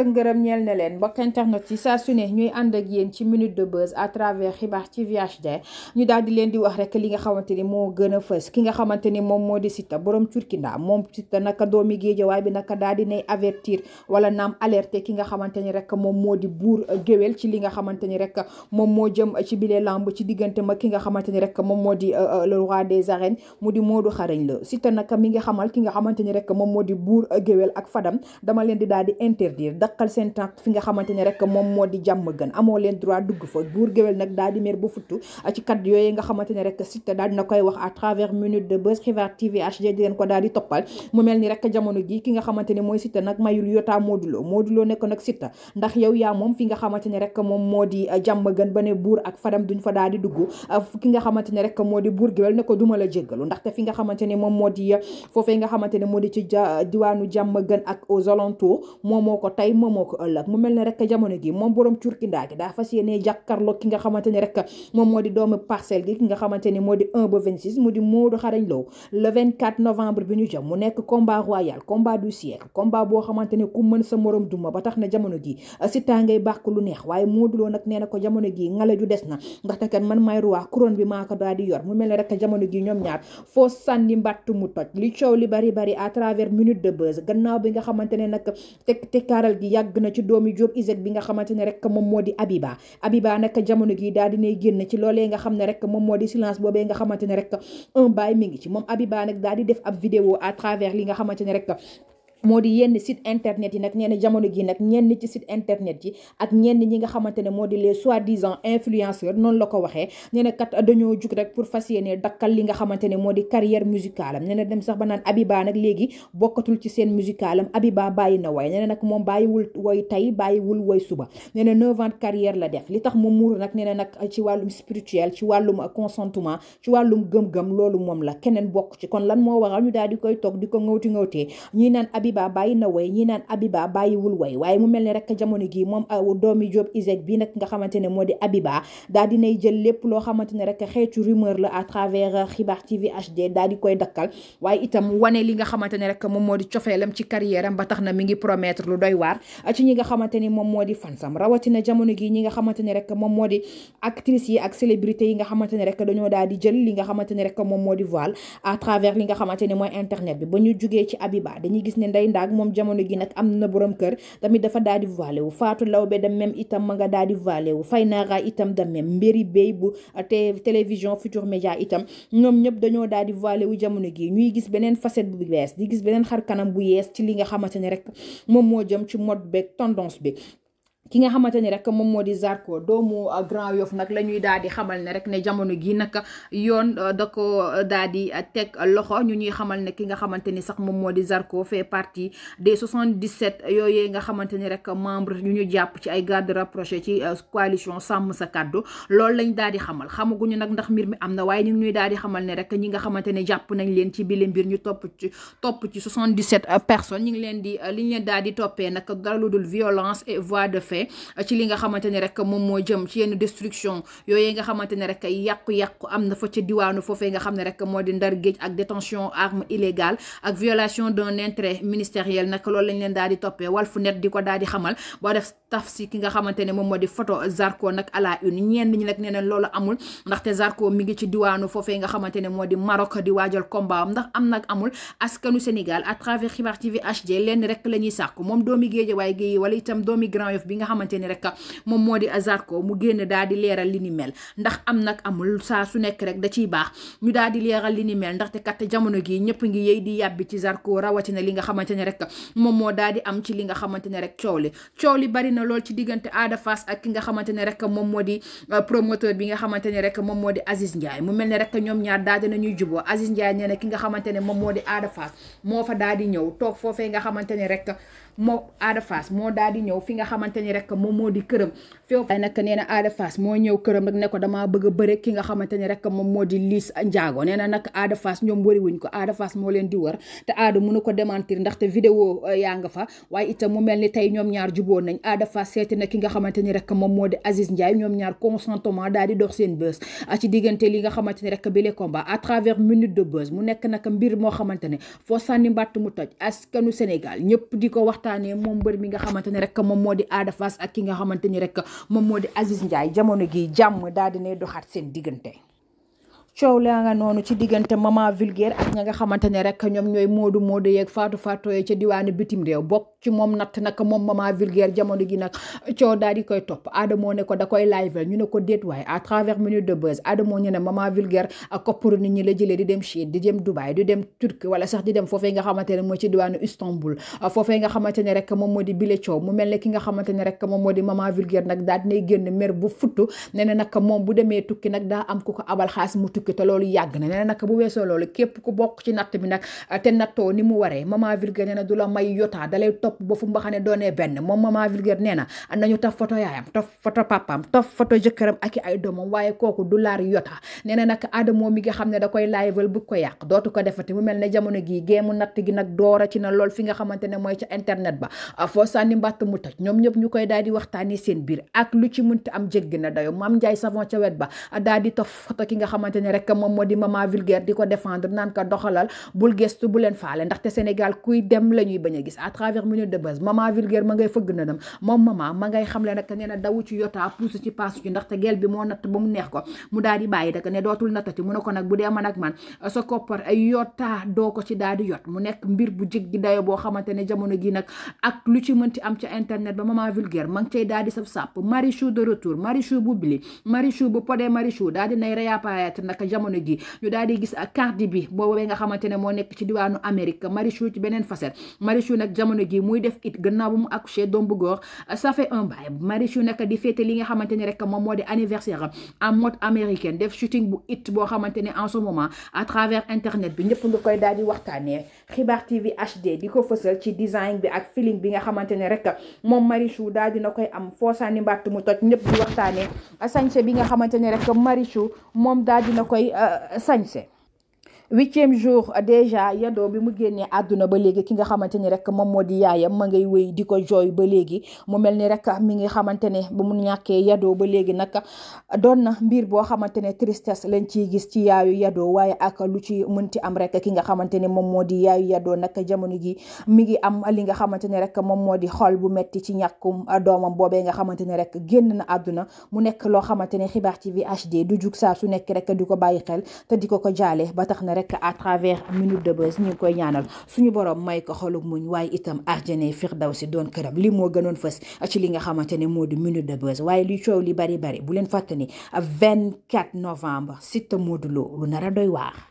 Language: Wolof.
ak ngërëm ñeel na leen mbokk internet yi saa su ne ñuy ànd ak yéen ci minute de buzz à travers xibaar ci VHD ñu daal di leen di wax rek li nga xamante ni moo gën fës ki nga xamante ni moom moo di Siteu borom Turkinda moom Siteu naka doomi géejawaay bi naka daal di nay avertir wala naam alerté ki nga xamante ni rek moom moo di buur géwél ci li nga xamante ni rek moom moo jëm ci bile lamb ci diggante ma ki nga xamante ni rek moom moo di euh, euh, le roi des arènes mu di Modou Xarañ la Siteu naka mi ngi xamal ki nga xamante ni rek moom moo di buur géwél ak fadam dama leen di daal di interdire taqal seen tànk fi nga xamante ne rek moom moo di di mer ba futtu ci kat yooyu di leen ko daal di toppal mu ni rek jamono gi ki nga xamante rek moom moo di uh, jàmm gën ba ne buur ak fadam duñ fa daal di uh, ki nga xamante rek moo di buur géwél ne ko duma la jéggalu ndaxte fi nga xamante moom moo di uh, foofee nga xamante moo di ci diwaanu jàmm gën ak aux alentours moom moo ko tey moomoo ko ëllëg mu mel ne rek jamono gi moom borom curkindaa gi daa fas yéene jàkkarloo ki nga moo ba 26 na jamono gi Siteu ngay bàkk lu neex waaye Modou Lo nag nee na ko jamono gi ngala na ndaxte kat man maay di yor mu mel ne rek jamono gi ñoom ñaar foo sànni mbàtt mu toj li coow li bari bari à travers minute de buzz gannaaw bi nga xamante ne nag tek tekkaaral gi yàgg na ci doomi Jóob Isaac bi nga xamante ne rek moom moo di Abiba Abiba nag jamono gi daal dinay génn ci loolee nga xam ne rek moom moo di silence boobee nga xamante ne rek un bail mi ngi ci moom Abiba nag daal di def ab vidéo à travers li nga xamante ne rek moo di yenn site internet yi nag nee na jamono gi nag ñenn ci sit internet yi ak ñenn ñi nga xamante ne moo di les soi-disant influenceurs noonu la ko waxee nee na kat dañoo jug rek pour fas yéene dakkal li nga xamante ne moo di carrière musicale am dem sax ba naan Abiba nag léegi bokkatul ci seen musicale am Abiba bàyyi na way nee na nag moom bàyyiwul woy tey bàyyiwul woy suba nee na neuf ans la def li tax mu muur nag nee na ci wàllum spirituel ci wàllum consentement ci wàllum gëm-gëm loolu moom la keneen bokk ci kon lan moo waral ñu daal di koy toog di ko ngawti ngawtee ñii naan Abiba bàyyi na way ñi naan Abiba bàyyiwul way waaye mu mel ne rek jamono gi moom euh, doomi Diop nga xamante euh, li nga xamante ne rek moom moo di cofeelam ci carrière am ba tax mi ngi promettre lu doy waar ci ñi nga xamante ni moom moo di fansam rawatina jamono gi ñi nga xamante ne rek moom moo di actrice yi ak célébrité yi nga xamante rek dañoo daal di jël li nga xamante rek moom moo di voile à travers li nga xamante mooy internet bi ba ñu jugee ci Abiba dañuy gis ne Ndeye Ndack moom jamono gi nag am na boroom kër tamit dafa daal di voilé wu Fatou Lawbe da même itam ma nga daal di voilé wu Faynara itam da même Mbéri Bey bu te télévision Futur Média itam ñoom ñëpp dañoo daal di voilé wu jamono gi ñuy gis beneen facette bu bees di gis beneen xar kanam bu yees ci li nga xamante ne rek moom moo jëm ci mode beeg tendance bi ki nga xamante ni rek moom moo di Zarko doomu uh, Grand Yoff nag la ñuy daal di xamal ne rek ne jamono gi nag yoon uh, da ko uh, daal di teg loxo ñu ñuy xamal ne ki nga xamante ni sax moom moo di Zarko fait partie des 77 yooyee nga xamante ni rek membre ñu ñu jàpp ci ay garde rapproché ci coalition sàmm sa kàddu loolu lañ daal di xamal xamaguñu nag ndax mbir mi am na waaye ñu ñuy daal di xamal ne rek ñi nga xamante ne jàpp nañ leen ci bile mbir ñu topp ci topp ci 77 personnes ñu ngi leen di li ñu daal di toppee nag dara lu dul violence jàppale ci li nga xamante ne rek moom moo jëm ci yenn destruction yooyu nga xamante ne rek yàqu-yàqu am na fa ca diwaanu foofee nga xam ne rek moo di ndar ak détention arme illégale ak violation d'un intérêt ministériel nag loolu lañ leen daal di toppee Walf Net di ko daal di xamal boo def taf si ki nga xamante moom moo di photo Zarko nag à la une ñenn ñi nag nee na loolu amul ndaxte Zarko mi ngi ci diwaanu foofee nga xamante ne moo di Maroc di waajal xamante ni rek moom moo di Zarko mu génn daal di leeral li ni mel am rek da ciy baax ñu daal di leeral li ni mel ndaxte kat jamono gi ñëpp ngi yëy di yàbbi ci Zarko rawatina li nga xamante ne rek moom moo daal di am ci li nga xamante ne rek coow li coow li bari na lool ci diggante aada Fass ak ki nga xamante ne rek moom moo di euh, promoteur bi nga xamante ne rek moom moo di Aziz Ndiaye mu mel ne rek ñoom ñaar daal dinañuy juboo Aziz Ndiaye nee ki nga xamante ne moom moo di Ada fa daal di ñëw toog foofee nga xamante ne moo Ada Fass moo daal di ñëw fi nga xamante ni rek moom moo di këram foofu nag nee na Ada Fass moo ñëw këram rek ne ko damaa bëgg a ki nga xamante ni rek moom moo di Liss Ndiago nee na nag Ada Fass ñoom wariwuñ ko Ada Fass moo leen di wër te Ada mënu ko démentir ndaxte vidéo euh, yaa nga fa waaye itam mu mel ni tey ñoom ñaar juboo nañ Ada Fass seeti na ki nga xamante ni rek moom moo di Aziz Ndiaye ñoom ñaar consentement daal di dox seen bës ah, ci diggante li nga xamante ni rek bi le combat à travers minute de buzz mu nekk nag mbir moo xamante ne foo sànni mbàtt mu toj askanu Sénégal ñëpp di ko waxtaan waxtaanee moom mbër mi nga xamante ne rek moom moo di Ada Fass ak ki nga xamante ni rek moom moo di Aziz Ndiaye jamono gi jàmm daal dinay doxaat seen diggante coow laa noonu ci diggante maman vulgaire ak ña nga xamante ne rek ñoom ñooy moodu moodu yeeg faatu faatu ci diwaanu bitim réew bokk ci moom natt nag moom maman vulgaire jamono gi nag coow daal di koy topp Adamo ne ko da koy live ñu ne ko déet waaye à travers minute de buzz Adamo ñu ne maman vulgaire koppuru nit ñi la jëlee di dem Chine di dem Dubaï di dem Turquie wala sax di dem foofee nga xamante ne mooy ci diwaanu moom moo di bile coow mu mel ne ki nga xamante rek moom moo di maman vulgaire nag daal dinay génn mer bu futtu ne na nag moom bu demee tukki nag daa am ku ko abal xaas mu tukki te loolu yàgg na nee na nag bu weesoo loolu képp ku bokk ci natt bi nag te nattoo ni mu topp ba fu mbaxane doonee benn moom maman Vulgaire nee na nañu taf photo yaayam taf photo papaam taf photo jëkkëram ak i ay doomam waaye kooku du laar yota nee na nag mi nga xam ne da koy laayival bu ko yàq dootu ko defati mu mel ne jamono gii géemu natt gi nag doora ci na lool fi nga xamante ne mooy ca internet ba ah, foo sànni mbàtt mu toj ñoom ñëpp ñu koy daal di waxtaanee seen biir ak lu ci munti am jéggi na dayo Mame Ndiaye Savon ca wet ba daal di taf photo ki nga xamante ne rek moom moo di maman Vulgaire di ko défendre naan ko doxalal bul gestu bu leen faale ndaxte Sénégal kuy dem la a revenu de base maman vulgaire ma ngay fëgg na dem moom maman ma ngay xamle nag nee na daw ci yotaa pousse ci passe ci gel bi moo natt ba mu neex ko mu daal bàyyi dak ne dootul nattati mu ne ko nag bu dee man ak man sa koppar ay yotaa doo ko ci daal di yot mu nekk mbir bu jig dayo boo xamante jamono gi nag ak lu ci mënti am ca internet ba maman vulgaire ma ngi cay daal di sab sàpp marichou de retour marichou bu bili marichou bu podee marichou daal di nay réapparaître nag jamono gi ñu daal di gis ak Cardi bi boobu nga xamante muy def it gannaaw bu mu accouché doom bu góor ça fait un bail Marichou di féete li nga xamante ni rek moom moo di anniversaire en mode américaine def shooting bu it boo xamante ne en ce moment à travers internet bi ñëpp nga koy daal di waxtaanee xibaar TV HD di ko fësal ci design bi ak feeling bi nga xamante ne rek moom Marichou daal dina koy am foosaani mbàtt mu toj ñëpp di waxtaanee sañse bi nga xamante ne rek Marichou moom daal dina koy euh, sañse huitième jour déjà yado bi mu génnee àdduna ba léegi ki nga xamante ni rek moom moo di yaayam ma ngay wéy di ko jooy ba léegi mu mel ni rek mi ngi xamante ne ba mu ñàkkee yado ba léegi nag doon na mbir boo xamante ne tristesse lañ ci gis ci yaayu yado waaye ak lu ci mënti am rek ki nga xamante ne moom moo di yaayu yado nag jamono gi mi ngi am li nga xamante ne rek moom moo di xol bu metti ci ñàkkum doomam boobee nga xamante ne rek génn na àdduna mu nekk loo xamante ne Xibaar TV HD du jug saa s nekk rek di ko bàyyi xel te di ko ko jaale ba tax na rek à travers minute de buzz ñu ngi koy ñaanal suñu borom may ko xolub muñ waaye itam daw si doon këram lii moo gënoon fës ci li nga xamante ne moo di minute de buzz waaye li coow li bari bari bu leen fàttali 24 novembre Siteu Modou Lo lu nara a doy waar